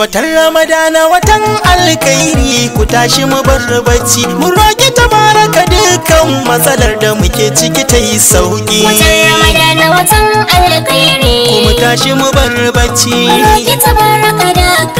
watan ramadana watan alkairi ku tashi mu bar bacci mu roki baraka dukan matsalar da muke ciki ta yi sauki watan ramadana watan alkairi ku tashi mu bar bacci mu roki baraka dukan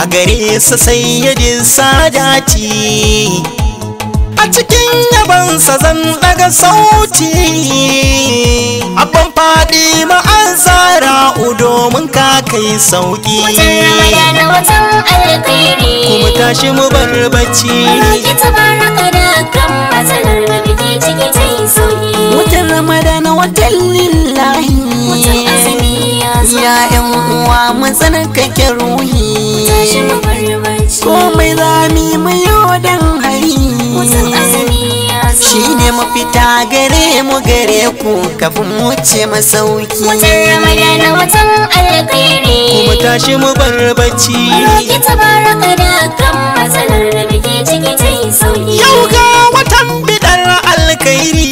a gare ya sayyidin sadati a cikin yabansa zan daga sauti abban faɗi ma'azara domin ka kai sauƙi watan kuma tashi mu barbaci roki kan ramadana watan uwa mu tsarkake ruhi komai zami mu yau dan hari shi ne mafita gare mu gare ku kafin mu ce masauki watan ramadana watan alkhairi kuma tashi mu bar bacci roki tabaraka da kan matsalar da muke ciki ta yi sauki yau ga watan bidar alkhairi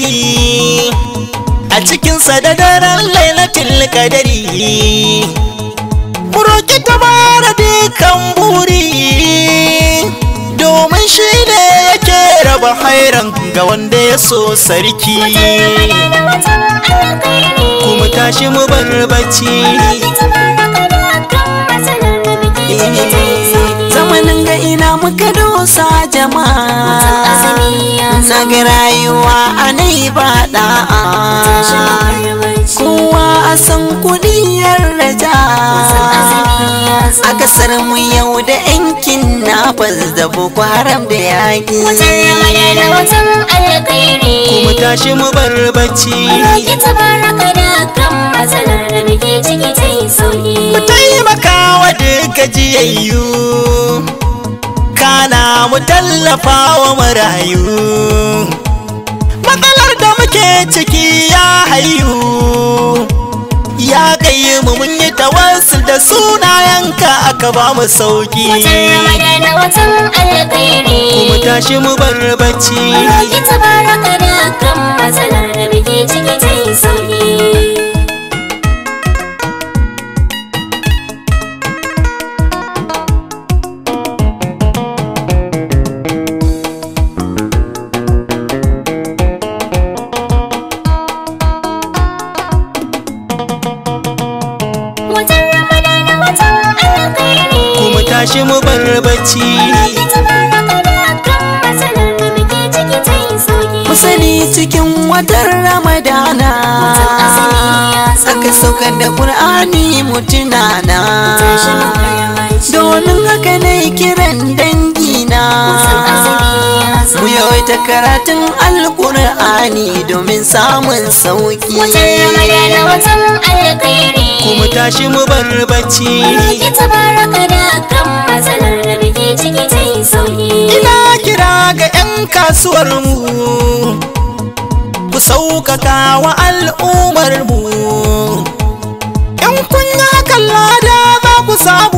a cikinsa da daren lailatul kadari roƙi ta bara dukan buri domin shi ne yake raba hairan ga wanda ya so sarki kuma tashi mu barbaci zamanin ga ina muka dosa jama'a zaga rayuwa a nai ba ɗa'a, kowa a san kuɗi a kasar mu yau da yankin fas da boko haram da yaƙi kuma mu bar bacci mu taimaka wa duka jiyayyu kana mu tallafa wa marayu matsalar da muke ciki ya hayu ya kai mu mun yi da sunayen ka ba mu sauki watan ramadana watan alkhairi kuma tashi mu bar bacci roki tabaraka da kan matsalar da muke ciki ta yi sauki tashi mu bar bacci mu sani cikin watan ramadana aka saukar da Kur'ani mu tunana domin haka ne kiran dangina yawaita karatun alkur'ani domin samun sauki watan ramadana watan kuma tashi mu bar bacci ina kira ga yan kasuwar mu ku sauƙaƙa wa al'ummar mu Yan kunya kalla da ku samu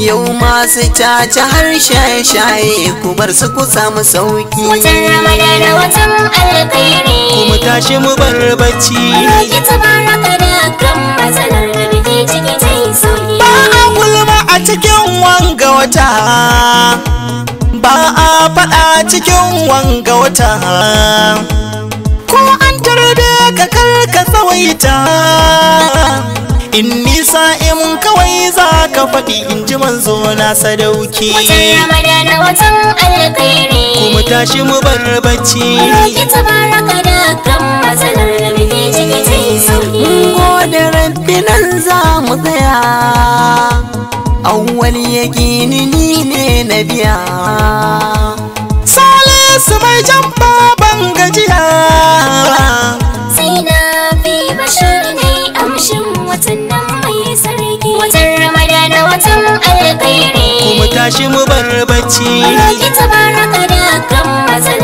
yau masu caca har shaye-shaye ku bar su ku samu sauki watan da watan alkhairi kuma tashi mu bar bacci roki tabaraka da kan matsalar da biki ciki ta yi sauki ba a gulma a cikin wanga wata ba a faɗa cikin wanga wata ko an tarbe ka karka tsawaita in nisa in kawai za ka faɗi in ji manzo na sadauki kuma tashi mu bar ta yi gode rabbi nan za mu tsaya awwal yaqini ni ne na biya salisu bai jan baban gajiya tashi mu bar bacci. Mu roƙi tabaraka da kan